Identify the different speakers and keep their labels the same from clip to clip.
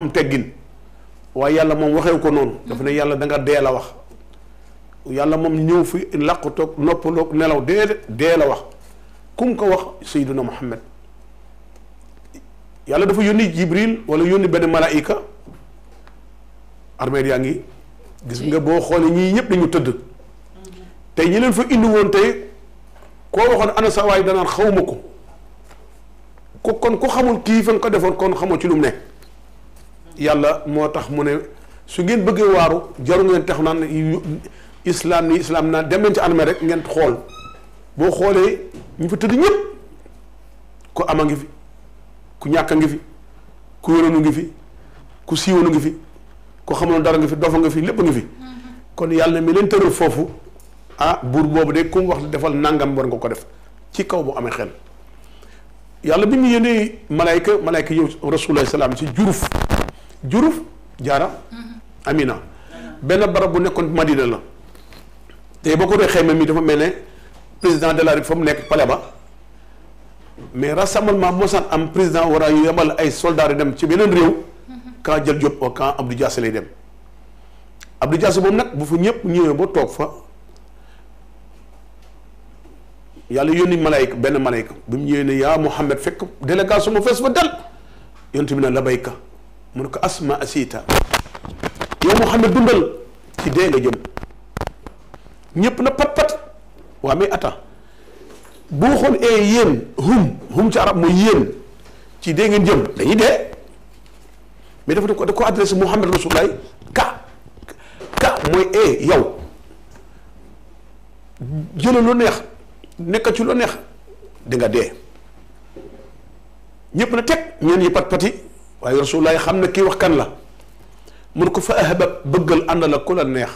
Speaker 1: am teggin waaye yàlla moom waxee ko noonu dafa ne yàlla danga nga dee wax yàlla moom ñëw fi làqutoog noppaloog nelaw déedéet dee la wax kum ko wax sayduna muhammad yàlla dafa yónni jibril wala yónni benn malaayika armeel yaa ngi gis nga boo xoolee ñii ñëpp dañu tëdd tey ñi leen fa indi woon tey koo waxoon ana sa danaan xawma ko ko kon ku xamul kii fa nga ko defoon kon xamoo ci lu mu ne yàlla moo tax mu ne su ngeen bëggee waaru jaru ngeen tax naan islam ni islam naan dem leen ci armée rek ngeen xool boo xoolee ñu fa tëdd ñëpp ku ama ngi fi ku ñàkk a ngi fi ku wéranu ngi fi ku siiwanu ngi fi ku xamoon dara ngi fi dofa nga fi lépp ngi fi mm-hmm. kon yàlla mi leen tëral foofu ah buur boobu de ku mu wax defal nangam war nga ko def ci kaw boo amee xel yàlla bi mu yónnee malaayka malaayka yow rasulullah salaam ci juruf juruf jaara amina benn barab bu nekkoon Madina la te boo ko dee xayma mi dafa mel ne président de la République fa mu nekk palais ba mais rassemblement mosaan am président war a yemal ay soldats yu dem ci beneen réew kaa jël Diop o quand Abdou Diassé lay dem Abdou Diassé boobu nag bu fa ñëpp ñëwee ba toog fa yàlla yónni malayka benn malayka bi mu ñëwee ne yaa Mouhamed fekk délégation ma fees fa dal yontu bi na labayka mu ne ko asma asita yow Muhammad dundal ci dee nga jëm ñëpp na pat pat waa mais attends boo xoon ee eh, yéen hum hum ci arab mooy yéen ci dee ngeen jëm dañuy dee mais dafa ko da ko adressé Muhammad Rasulullah ka ka mooy ee eh, yow jële lu neex nekk ci lu neex di nga dee ñëpp na teg ñeen yi pat pati waaye rasulullaay xam ne kii wax kan la mun ko fa ahbab bëggal ànd la neex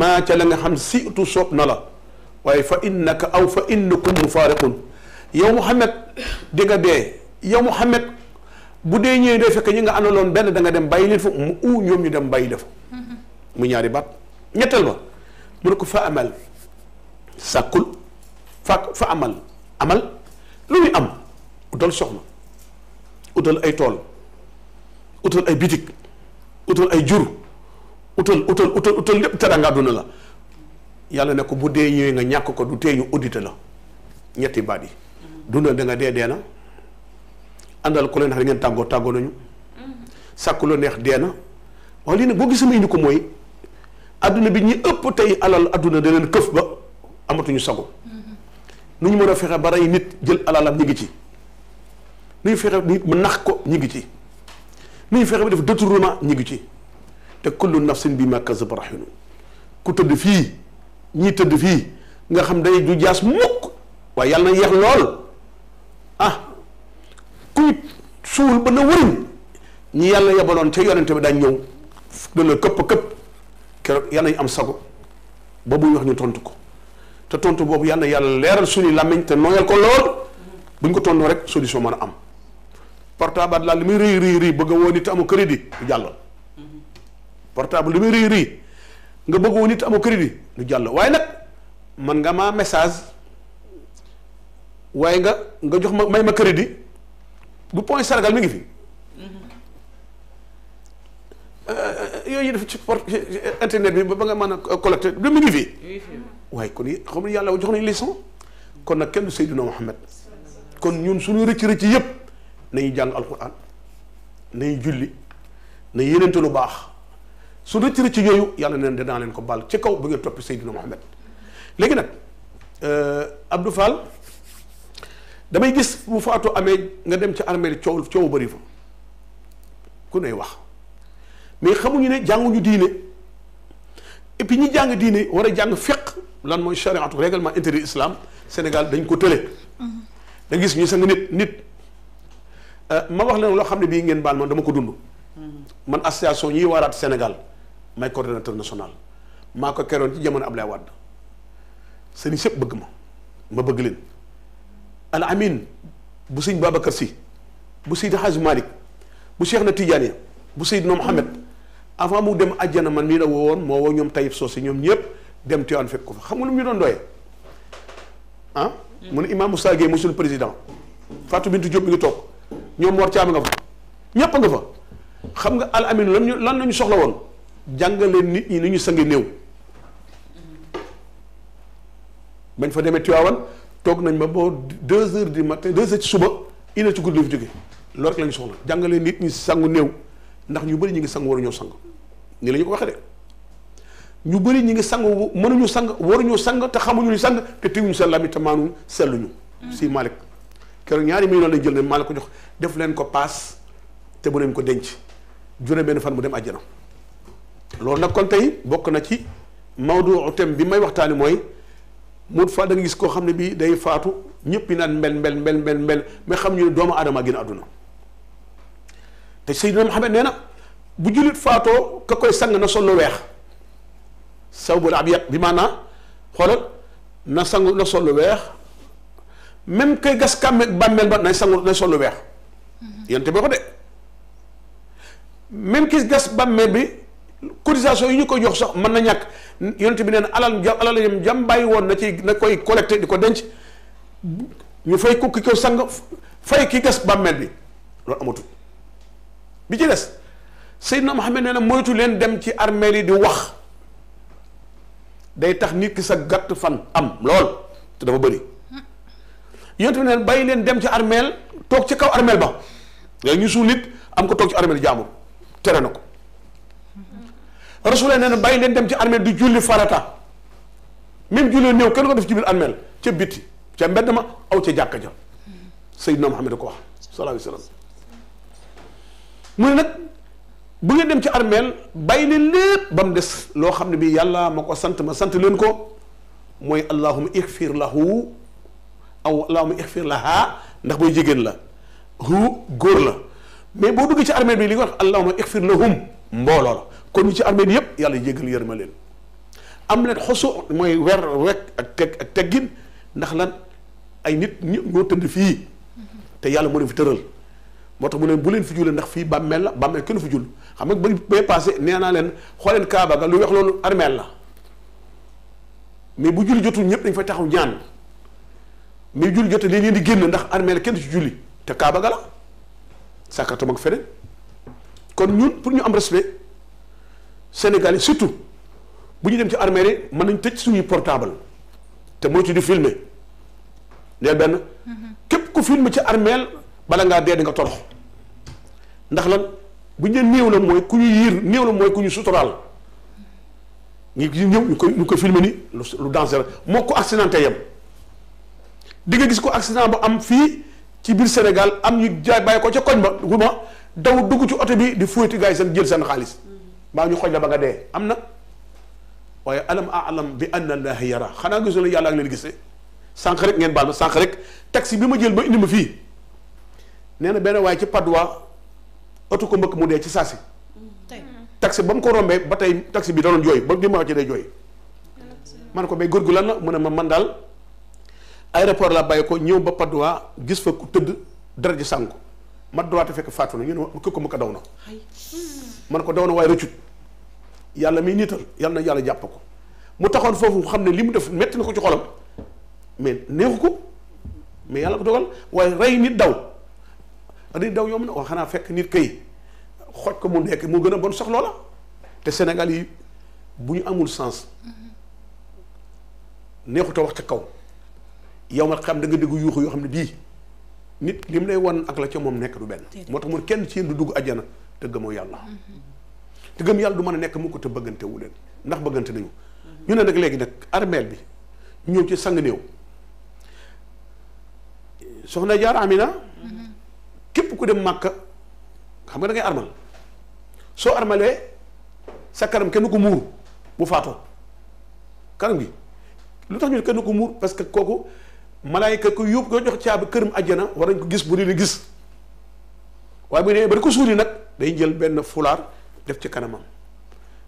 Speaker 1: maa la nga xam siitu soob na la waaye fa innaka aw fa innakum mufaariqun yow Muhammad di nga dee yow Muhammad bu dee ñëwee day fekk ñi nga àndaloon benn da nga dem bàyyi leen fa mu u dem bàyyi def mu ñaari baat ñetteel ba mu ne ko fa amal sàkkul fa fa amal amal lu muy am dool soxna utal ay tool utal ay bitig utal ay jur utal utal utal utal lépp teranga àdduna la yàlla ne ko bu dee ñëwee nga ñàkk ko du tee ñu audité la ñetti baat yi dundal da nga dee dee na àndal ko leen xam ne ngeen tàggoo tàggoo nañu sàkk lu neex dee na waaye lii nag boo gisee may ni ko mooy àdduna bi ñi ëpp tey alal àdduna da leen këf ba amatuñu sago mm-hmm. nu ñu mën a fexe ba rey nit jël alalam ñu ngi ci nañu fexe nit mu nax ko ñu ngi ci nañu fexe bi def détournement ñu ngi ci te kullu nafsin bi ma kasaba rahinu ku tëdd fii ñii tëdd fii nga xam day du jaas mukk waaye yàlla na yeex lool ah kuy suul ba na wëriñ ñi yàlla yebaloon ca yonente bi daañ ñëw dana këpp këpp keroog yàlla nañ am sago ba muy wax ñu tontu ko te tontu boobu yàlla na yàlla leeral suñu làmmiñ te nooyal ko lool buñ ko tontoo rek solution man a am portable daal li muy rëy rëy rëy bëgg woo nit amu crédit du jàll. portable li muy rëy rëy nga bëgg woo nit amu crédit du jàll waaye nag man nga maa message waaye nga nga jox ma may ma crédit bu point sargal mi ngi fi. Mm-hmm. Euh, euh, euh, yooyu def ci port bi ba nga mën a collecté bi mu ngi fi. waaye kon xam nga yàlla jox nañu leçon kon nag kenn du Seydina Mohamed kon ñun suñu rëcc rëcc yëpp. nañu jàng alquran nañu julli na yéenante lu baax su rëcc rëcc yooyu yàlla neen danaa leen ko baal ci kaw bu ngeen toppi Seydina Mohamed léegi nag euh, Abdou Fall damay gis bu faatu amee nga dem ci armée coow coow bëri fa ku ne wax mais xamuñu ne jànguñu diine et puis ñi jàng diine war a jàng fiq lan mooy chariatu règlement intérieur islam Sénégal dañ ko tële mm-hmm. da gis ñu sang nit nit Euh, ma wax leen loo xam ne bii ngeen baal man dama ko dund. Hmm. man association ñuy waaraat Sénégal may coordonnateur national maa ko keroon ci jamono Ablaye Wade sëriñ sépp bëgg ma ma bëgg leen al amin bu sëñ Babacar Sy bu Seydi Hadj Malick bu Cheikh na Tidiane bu Seydina Mohamed hmm. avant mu dem àjjana man mii la woowoon moo woo ñoom Tayib Socé ñoom ñëpp dem Tiwaan fekk ko fa xam nga lu mu ñu doon doyee ah. Hmm. mu ne Imam Moussa Gueye monsieur le président Fatou Bintou Diop ngi toog. ñoom Mor Thiam nga fa ñépp nga fa xam nga al amin lan ñu soxla woon jàngaleen nit ñi ni ñu sange néew bañ fa demee Tiwaawan toog nañ ma boo deux heures di matin deux heures ci suba une heure ci guddi loolu rek la ñu soxla jàngaleen nit ñi sangu néew ndax ñu bëri ñu ngi sangu waruñoo sangu nii la ñu ko waxee de ñu bëri ñu ngi sangu mënuñu sang waruñu sang te xamuñu ni sang te tiwuñu seen lami te maanuñ selluñu si Malick keroog ñaari million lañ jël ne maa la ko jox def leen ko paas te bu leen ko denc jure benn fan mu dem àjjana loolu nag kon tey bokk na ci mawduu thème bi may waxtaani mooy mu fa da gis koo xam ne bii day faatu ñëpp yi naan mbel mbel mbel mbel mbel xam ñu ne doomu aadama gën àdduna te Seydina Muhammad nee na bu jullit faatoo ka koy na sol lu weex sawbul abyad bi maanaa xoolal na sangu na sol lu weex même kay gas kàmme bàmmeel ba nay sangu nay sol weex mhm. yonte ba ko de même ki gas bàmmeel bi cotisation yi ñu ko jox sax mën na ñàkk yonte bi neen alal jam alal jam jam bàyyi woon na ci na koy collecté di ko denc ñu fay ko ki ko sang fay ki gas bàmmeel bi loolu amatul bi ci des Seydina Muhammad nee na moytu leen dem ci armeel yi di wax day tax nit ki sa gàtt fan am lool te dafa bëri yonent bi neen bàyyi leen dem ci armeel toog ci kaw armeel ba léegi ñu suul nit am ko toog ci armeel jaamur tere na ko Rasulullah nee na bàyyi leen dem ci armeel di julli farata même julli néew kenn ko def ci biir armeel ca bitti ca mbedd ma aw ca jàkka ja Seydina Muhammad ko wax sallallahu alayhi wa mu ne nag bu ngeen dem ci armeel bàyyi leen lépp ba mu des loo xam ne bii yàlla ma ko sant ma sant leen ko mooy allahumma igfir lahu aw allahumma la laha ndax booy jigéen la hu góor la mais boo duggee ci armée bi li nga wax allahumma ixfir lahum mbooloo la kon ñu ci armée bi yëpp yàlla jéggal ma leen am leen xoso mooy wer rek ak teg teggin ndax lan ay nit ñoo tëdd fii te yàlla moo leen fi tëral moo tax mu ne bu leen fi julee ndax fii bàmmeel la bàmmeel kenn fi jul xam nga ba bay passé nee naa leen xooleen kaaba ga lu weex loolu armeel la mais bu julli jotul ñëpp dañ fay taxaw ñaan mais julli jotee dañ leen di génn ndax armeel kenn ci julli te Kaaba ga la sàkkatam ak kon ñun pour ñu am respect sénégalais surtout bu ñu dem ci armeel yi mën nañ tëj suñuy portable te moytu di filmer deel benn mm-hmm. képp ku filmer ci armeel bala ngaa dee di nga torox ndax lan bu ñu leen néew la mooy ku ñu yiir néew la mooy ku ñu suturaal mm-hmm. ngi ñëw ñu koy ñu koy filmer ni lu dangereux moo ko accidenté di nga gis ko accident ba am fii ci biir Sénégal am ñu jaay bàyyi ko ca koñ ba guma daw dugg ci oto bi di fóoti gars yi seen jël seen xaalis mbaa ñu xoj la ba nga dee am na waaye alam alam bi anna allah yara xanaa gisul ne yàlla ak leen gisee sànq rek ngeen baal ma sànq rek taxi bi ma jël ba indi ma fii nee na benn waaye ci Padois oto ko mbëkk mu dee ci saasi. taxi ba mu ko rombee ba tey taxi bi da doon jooy ba li ma wax ci jooy. man ko mais góor lan la mu ne ma man daal. aéroport laa bàyyi ko ñëw ba Padoa gis fa ku tëdd dara ji sànk ma droite fekk faatu na ñu ne ko ma ko daw na man ko daw na waaye rëccut yàlla miy niital yàlla na yàlla jàpp ko mu taxoon foofu xam ne li mu def metti na ko ci xolam mais neexu ko mais yàlla ko dogal waaye rey nit daw rey daw yomb na waa xanaa fekk nit kay xoj ko mu nekk moo gën a bon soxloola te Sénégal yi bu ñu amul sens mm-hmm. neexut a wax ca kaw yow ma xam da nga dégg yuuxu yoo xam ne bii nit li mu lay won ak la ca moom nekk du benn moo tax mun kenn ci yéen du dugg ajjana te gëmoo yàlla mm-hmm. te gëm yàlla du mën a nekk mu ko te bëggante ndax bëggante nañu mm-hmm. ñu ne nag léegi nag armeel bi ñëw ci sang néew soxna jaar Amina
Speaker 2: mm-hmm.
Speaker 1: képp ku dem màkka xam nga da armal soo armalee sa kanam kenn ko muur bu faatoo kanam gi lu tax ñu kenn ko muur parce kooku malaayka ku yóbbu ko jox caabi këram àjjana war nañ ko gis bu dina gis waaye bu dee ba di ko suuli nag day jël benn fulaar def ci kanamam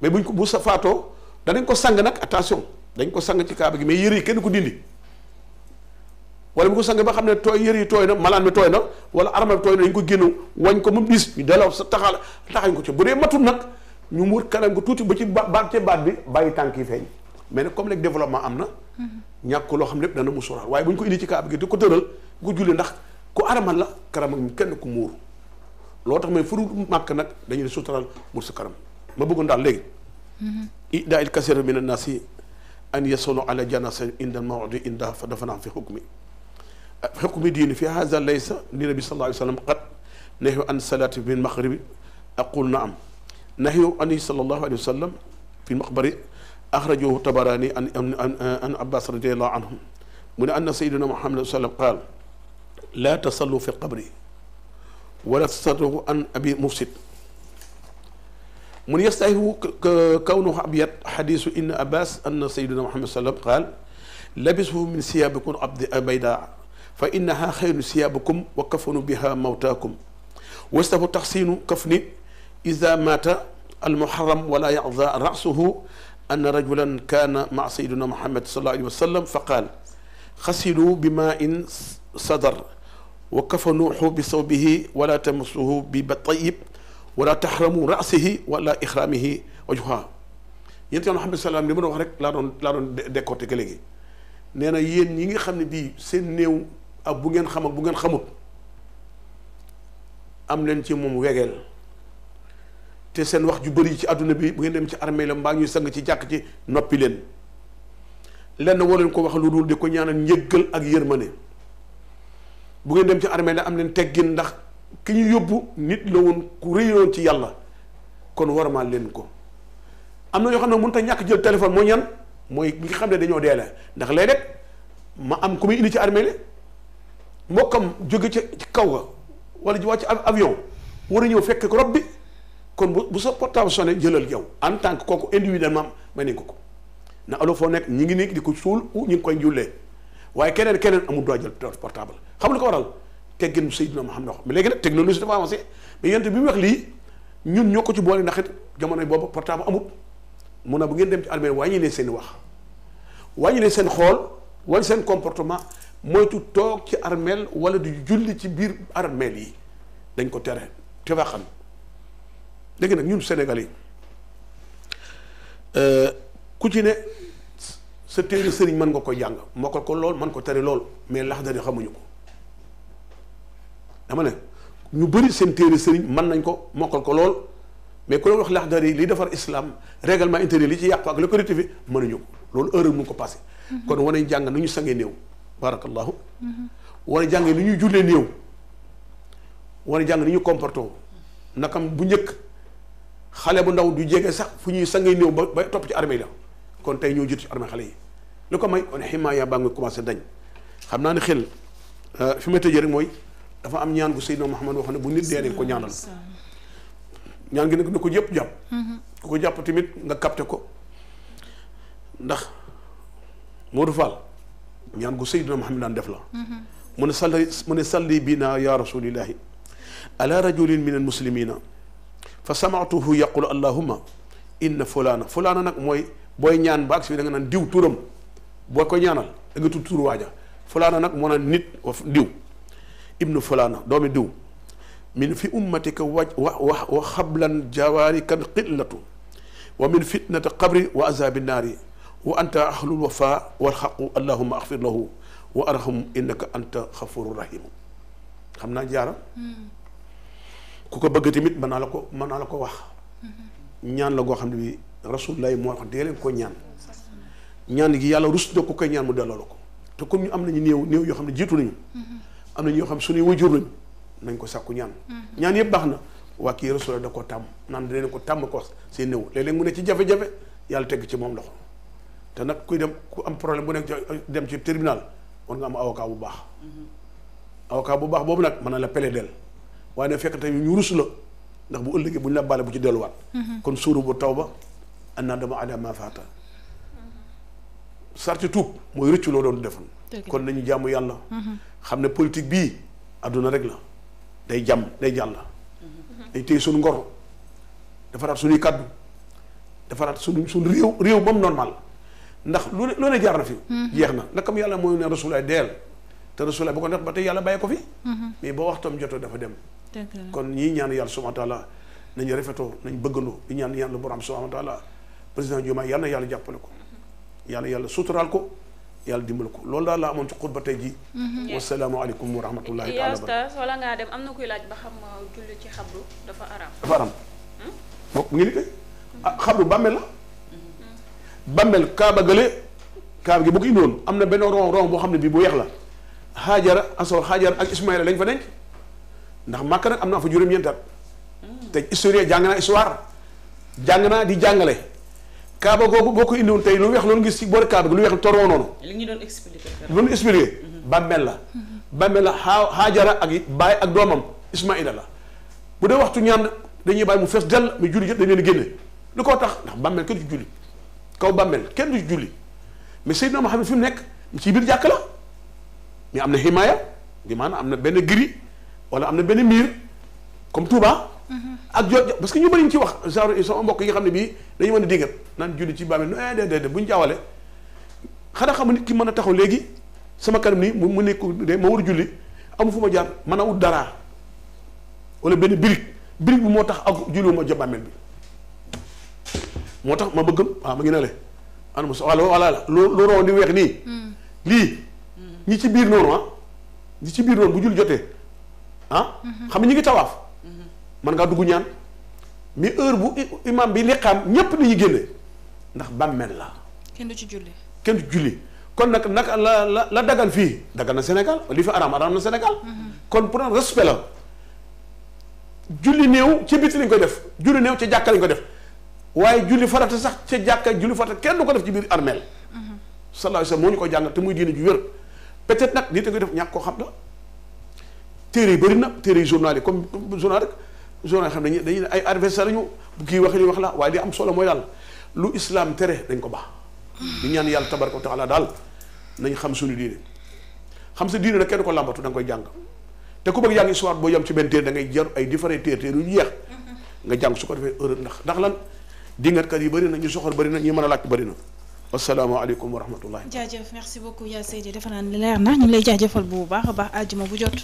Speaker 1: mais buñ ko bu sa faatoo danañ ko sang nag attention dañ ko sang ci kaaba gi mais yëre yi kenn ko dindi wala bu ko sang ba xam ne tooy yëre yi tooy na malaan mi tooy na wala arama bi tooy na dañ ko génn wañ ko moom diis ñu dalaw sa taxal taxañ ko ci bu dee matul nag ñu muur kanam ko tuuti ba ci baat baat bi bàyyi tànk yi feeñ mais nag comme léegi développement am na. ñàkk loo xam lépp dana mu sóoraal waaye bu ñu ko indi ci kaaba gi di ko tëral ko julli ndax ku aramal la karam ak kenn ku muur loo tax may furu màkk nag dañuy suturaal muur sa karam ma bëggoon daal léegi.
Speaker 2: Mm-hmm.
Speaker 1: daa il kasira min annaasi an yasulu ala janasa inda mawdi inda fa dafa naan fi xukmi xukmi diini fi haza laysa li nabi sallallahu alayhi wa sallam qad nahyu an salaati min maxribi na am nahyu an sallallahu alayhi wa sallam fi axrajahu tabaraani an an abbas radiallahu anhum mu ne anna sayyidina muhammad sallam qaal laa tasallu fi qabri wala tasallu an abi mufsid mu ne yastahihu kawnuhu abyad xadiisu inna abbas anna sayyidina muhammad sallam qaal labisuhu min siyaabikum abdi baydaa fa innaha xayru siyaabikum wa kafanu biha mawtaakum wastahu taxsiinu kafni ida maata almuharram wala yaxza rasuhu أن رجلا كان مع سيدنا محمد صلى الله عليه وسلم فقال خسلوا بماء صدر وكفنوه بصوبه ولا تمسوه بطيب wala taxramu raasihi wala ixraamihi wajha yéen itam Muhammad salaam li ma doon wax rek laa doon laa doon décorté que léegi nee na yéen ñi nga xam ne bii seen néew ak bu ngeen xam ak bu ngeen xamut am leen ci moom wegeel te seen wax ju bëri ci àdduna bi bu ngeen dem ci armée la mbaa ñuy sang ci jàkk ci noppi leen lenn woo leen ko wax lu dul di ko ñaanal njëggal ak yërmande bu ngeen dem ci armée la am leen teggin ndax ki ñu yóbbu nit la woon ku réyoon ci yàlla kon warmaal leen ko am na ñoo xam ne mënut a ñàkk jël téléphone moo ñan mooy ñi xam ne dañoo deele ndax léeg ma am ku indi ci armée la mbokkam jóge ci kaw ga wala wàcc avion war a ñëw fekk ko bi kon bu sa portable sonné jëlal yow en tant que kooku individuellement may nañ ko ko na alo foo nekk ñi ngi nekk di ko suul ou ñi ngi koy jullee waaye keneen keneen amul droit jël portable xam lu ko waral teggin Seydina Muhammad wax mais léegi nag technologie dafa avancé mais yonent bi mu wax lii ñun ñoo ko ci boole ndax it jamono boobu portable amut mun na bu ngeen dem ci armée wàññi leen seen wax wàññi leen seen xool wala seen comportement moytu toog ci armeel wala di julli ci biir armeel yi dañ ko tere te xam léegi nag ñun Sénégalais euh, ku ci ne sa téere sëriñ mën nga ko jàng mokkal ko lool mën ko tari lool mais lax Laxdari xamuñu ko dama ne ñu bëri seen téere sëriñ mën nañ ko mokkal ko lool mais ku la wax Laxdari li defar islam règlement intérieur li ci yàqu ak li ko rectifié mënuñu ko loolu heure mu ko passé. Mhm. kon wane jàng nu ñu sangee néew. barakallahu mhm. wane jàng nu ñuy jullee néew. wane jàng ni ñu comporté nakam bu njëkk. xale bu ndaw du jege sax fu ñuy sangay néew ba ba topp ci armée la kon tey ñoo jiitu ci armée xale yi lu ko may on ximaaya baa nga commencé dañ xam naa ne xel euh, fi ma tëjee rek mooy dafa am ñaan gu Seydina Muhammad ne bu ko ñaanal ñaan gi nag na ko yëpp jàpp ku ko jàpp tamit nga capté ko ndax Modou Fall ñaan def la mhm. mu ne salli mu ne salli bina ya rasulillahi ala rajulin min al fa samaatuhu yaqulu allahumma inna fulaana fulaana nag mooy booy ñaan baak agsi bi da naan diw turam boo ko ñaanal da nga waaja fulaana nag moo naan nit diw ibnu fulaana doomi diw min fi ummatika waj wa wa wa xablan jawaari qillatu wa min qabri wa azabi naari wa anta ahlul wafa walxaqu allahuma axfir lahu wa arham innaka anta xafuru rahimu xam naa jaara hmm. ku ko bëgg tamit man naa la ko mën naa la ko wax ñaan la goo xam ne bi rasulullah moo wax dee leen ko ñaan ñaan gi yàlla rus na ko koy ñaan mu delloo la ko te comme ñu am nañu néew néew yoo xam ne jiitu nañu am nañu yoo xam ne suñuy wajur ko sàkku ñaan ñaan yëpp baax na waa kii rasulullah da koo tàmm naan da leen ko tàmm ko seen néew léeg mu ne ci jafe-jafe yàlla teg ci moom loxo te nag kuy dem ku am problème bu nekk dem ci tribunal war nga am avocat bu baax avocat bu baax boobu nag mën na la plaider waaye na fekk tamit ñu rus la ndax bu ëllëgee bu ñu la baale bu ci delluwaat. Mhm. kon suuru bu taw ba an naa dama ada ma faata sarti tuub mooy rëccu loo doon defoon kon nañu jàmm yàlla mhm. xam ne politique bii àdduna rek la day jàmm day jàll dañ téye suñu ngor defaraat suñuy kàddu defaraat suñu suñu réew réew ba mu normal ndax lu ne lu ne jaar na fi mhm. jeex na nakam yàlla mooy ne rasulaay deel te rasulaay bu ko neex ba tey yàlla bàyyi ko fi mais ba waxtam kon ñii ñaan yàlla subhanahu wa nañu rafetoo nañ bëggandoo di ñaan yàlla borom subhanahu wa taala président Diomaye yàlla na yàlla jàppale ko yàlla yàlla suturaal ko yàlla dimbal ko loolu daal la amoon ci ba tey ji wasalaamaaleykum wa rahmatullahi taala ustaas wala ngaa dem am na kuy laaj ba xam uh, julli ci xabru dafa aram dafa aram hmm? bokk ngi mhm. ah, xabru bàmmeel mhm. kaaba gële kaaba gi bu ko am na benn ron ron boo xam ne bii bu weex la xaajara asoo xaajara ak lañ fa denc ndax màkk nag am na fa juróom-ñeent at te historien jàng naa histoire jàng naa di jàngale kaaba googu boo ko indiwoon tey lu weex loolu ngi si boori kaaba gi toroo noonu.
Speaker 2: li ñu doon expliqué.
Speaker 1: lu ñu mhm. la. bàmmeel la xaa xaajara ak baay ak doomam Ismaïla la bu dee waxtu ñaan dañuy bàyyi mu fees dell mais julli jot dañ leen génne tax ndax bàmmeel kenn du ci julli kenn du ci julli mais Seydina Muhammad fi mu nekk ci biir jàkk la mais am na himaaya di maanaam am na benn giri. wala am na benn mur comme Touba. Mhm. ak jo parce que ñu bëri ñu ci wax genre sama mbokk yi nga xam ne bii dañu mën a dingat naan julli ci bàmmeel eh déedéet bu ñu jaawale xanaa mën a taxaw léegi sama kanam nii mu mu nekk de ma war julli amu fu ma jaar mën a ut dara wala benn brique brique bi moo tax ak julliwuma ja bàmmeel tax ma bëgg waaw ma ngi ne le ana ma so wala lu lu roon di weex nii mm. lii mm. ñi ci biir noonu ah ñi ci biir noonu bu julli jotee ah. xam nga ñu ngi tawaaf. mën ngaa dugg ñaan mi heure bu imam bi liqaam ñépp nañu génne ndax bàmmeel la. kenn du ci julli. kenn du julli kon nag naka la la la dagan fii dagan na Sénégal li fi araam araam na Sénégal. kon pour un respect la. julli néew ci biti lañ koy def julli néew ci jàkka lañ ko def waaye julli farata sax ca jàkka julli farata kenn du ko def ci biir armeel. Mhm. sallallahu alayhi wa moo ñu ko jàngal te muy diine ju wér peut-être nag nit a def ñàkk koo xam la. téere yi bëri na téere yi journal yi comme journal rek journal yi xam ne dañuy ay adversaire lañu wax wax la waaye li am solo mooy daal lu islam tere dañ ko baax. di ñaan yàlla tabaraka wa daal nañ xam suñu diine xam sa diine nag kenn ko làmbatu da nga koy jàng te ku bëgg jàng histoire boo yem ci benn téere da ngay jar ay différents téere téere yu jeex nga jàng su ko defee heure ndax ndax lan dingatkat yi bëri na ñu soxor bëri mën a laaj bëri na. asalaamaaleykum wa rahmatullah
Speaker 2: jaajëf merci beaucoup yaa baax a baax àjjuma bu jot.